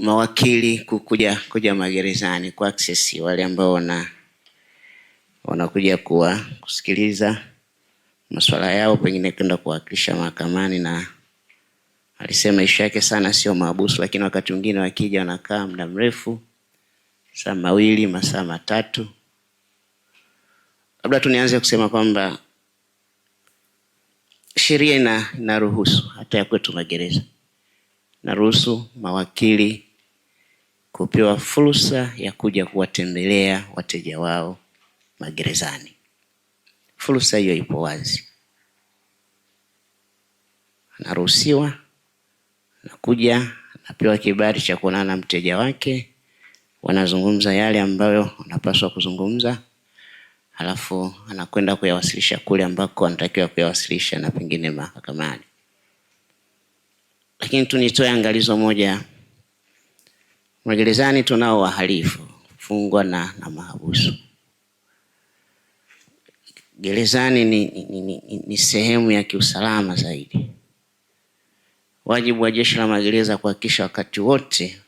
mawakili kukuja kuja magerezani kwa access wale ambao wana wanakuja kuwa kusikiliza masuala yao, pengine kwenda kuwakilisha mahakamani. Na alisema ishu yake sana sio mahabusu, lakini wakati mwingine wakija wanakaa muda mrefu, saa mawili masaa matatu. Labda tu nianze kusema kwamba sheria inaruhusu hata ya kwetu magereza naruhusu mawakili kupewa fursa ya kuja kuwatembelea wateja wao magerezani. Fursa hiyo ipo wazi, anaruhusiwa nakuja anapewa kibali cha kuonana na mteja wake, wanazungumza yale ambayo wanapaswa kuzungumza, halafu anakwenda kuyawasilisha kule ambako anatakiwa kuyawasilisha na pengine mahakamani. Lakini tu nitoe angalizo moja Magerezani tunao wahalifu fungwa na, na mahabusu. Gerezani ni, ni, ni, ni sehemu ya kiusalama zaidi. Wajibu wa jeshi la magereza kuhakikisha wakati wote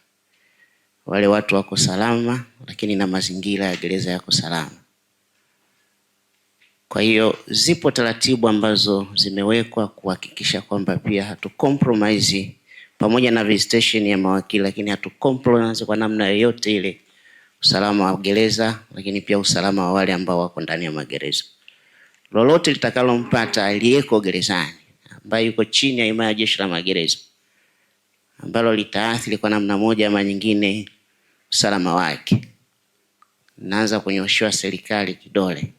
wale watu wako salama, lakini na mazingira ya gereza yako salama. Kwa hiyo zipo taratibu ambazo zimewekwa kuhakikisha kwamba pia hatu compromise pamoja na visitation ya mawakili, lakini hatu kwa namna yoyote ile usalama wa gereza, lakini pia usalama wa wale ambao wako ndani ya magereza. Lolote litakalompata aliyeko gerezani ambaye yuko chini ya himaya ya jeshi la magereza, ambalo litaathiri kwa namna moja ama nyingine usalama wake, naanza kunyoshewa serikali kidole,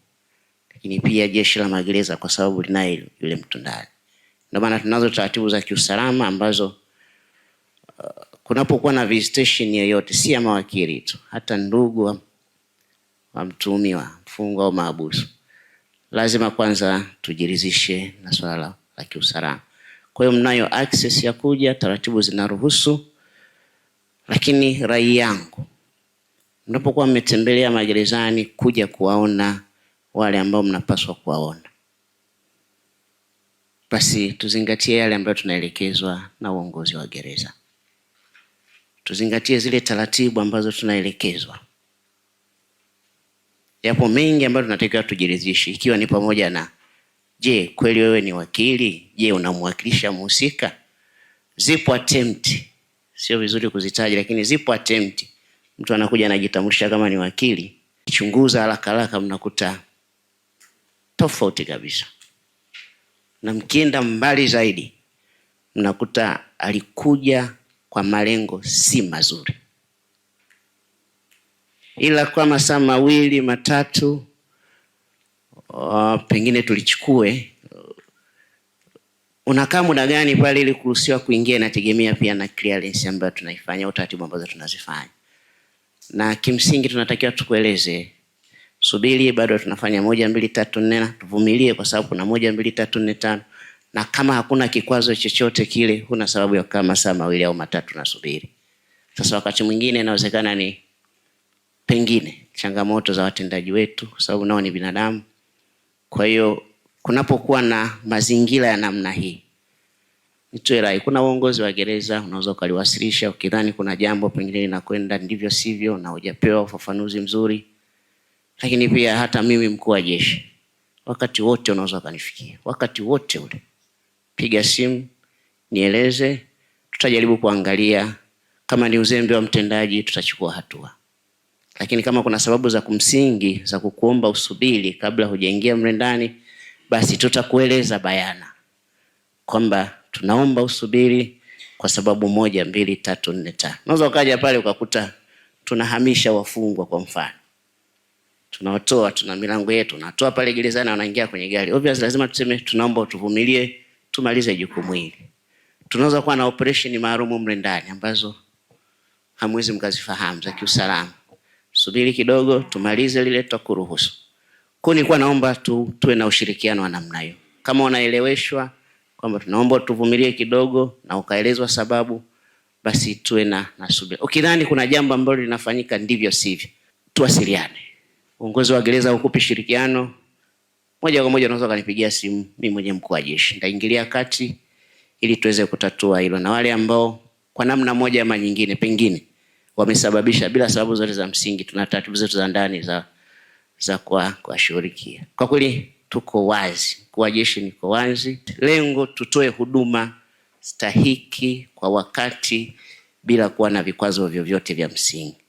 lakini pia jeshi la magereza, kwa sababu linaye yule mtu ndani. Ndio maana tunazo taratibu za kiusalama ambazo kunapokuwa na visitation yoyote, si ya mawakili tu, hata ndugu wa mtuhumiwa, mfungwa au mahabusu, lazima kwanza tujiridhishe na swala la kiusalama. Kwa hiyo mnayo access ya kuja, taratibu zinaruhusu, lakini rai yangu mnapokuwa mmetembelea magerezani, kuja kuwaona wale ambao mnapaswa kuwaona, basi tuzingatie yale ambayo tunaelekezwa na uongozi wa gereza tuzingatie zile taratibu ambazo tunaelekezwa. Yapo mengi ambayo tunatakiwa tujiridhishe, ikiwa ni pamoja na je, kweli wewe ni wakili? Je, unamwakilisha mhusika? Zipo attempt, sio vizuri kuzitaja, lakini zipo attempt, mtu anakuja anajitambulisha kama ni wakili, chunguza haraka haraka, mnakuta tofauti kabisa, na mkienda mbali zaidi mnakuta alikuja kwa malengo si mazuri, ila kwa masaa mawili matatu o, pengine tulichukue. Unakaa muda gani pale ili kuruhusiwa kuingia, inategemea pia na clearance ambayo tunaifanya, utaratibu ambazo tunazifanya, na kimsingi tunatakiwa tukueleze subiri, bado tunafanya moja mbili tatu nne, tuvumilie kwa sababu kuna moja mbili tatu nne tano na kama hakuna kikwazo chochote kile, huna sababu ya kukaa masaa mawili au matatu nasubiri. Sasa wakati mwingine inawezekana ni pengine changamoto za watendaji wetu, kwa sababu nao ni binadamu. Kwa hiyo kunapokuwa na mazingira ya namna hii, nitoe rai, kuna uongozi wa gereza unaweza ukaliwasilisha ukidhani kuna jambo pengine linakwenda ndivyo sivyo na hujapewa ufafanuzi mzuri, lakini pia hata mimi mkuu wa jeshi, wakati wote unaweza ukanifikia wakati wote ule piga simu nieleze, tutajaribu kuangalia kama ni uzembe wa mtendaji tutachukua hatua, lakini kama kuna sababu za kumsingi za kukuomba usubiri kabla hujaingia mle ndani, basi tutakueleza bayana kwamba tunaomba usubiri kwa sababu moja, mbili, tatu, nne, tano. Unaweza ukaja pale ukakuta tunahamisha wafungwa, kwa mfano tunawatoa, tuna milango yetu, natoa pale gerezani, wanaingia kwenye gari. Obviously lazima tuseme tunaomba utuvumilie tumalize jukumu hili. Tunaweza kuwa na operesheni maalum mle ndani ambazo hamwezi mkazifahamu za kiusalama. Subiri kidogo, tumalize lile, tutakuruhusu. Kwa nilikuwa naomba tu, tuwe na ushirikiano wa namna hiyo, kama unaeleweshwa kwamba tunaomba tuvumilie kidogo na ukaelezwa sababu, basi tuwe na subira. Ukidhani kuna jambo ambalo linafanyika ndivyo sivyo, tuwasiliane. Uongozi wa gereza ukupe shirikiano moja kwa moja unaweza kanipigia simu mimi mwenyewe mkuu wa jeshi, nitaingilia kati ili tuweze kutatua hilo, na wale ambao kwa namna moja ama nyingine pengine wamesababisha bila sababu zote za msingi, tuna taratibu zetu za ndani za za kwa kuwashughulikia. Kwa kweli tuko wazi, mkuu wa jeshi niko wazi, lengo tutoe huduma stahiki kwa wakati bila kuwa na vikwazo vyovyote vya msingi.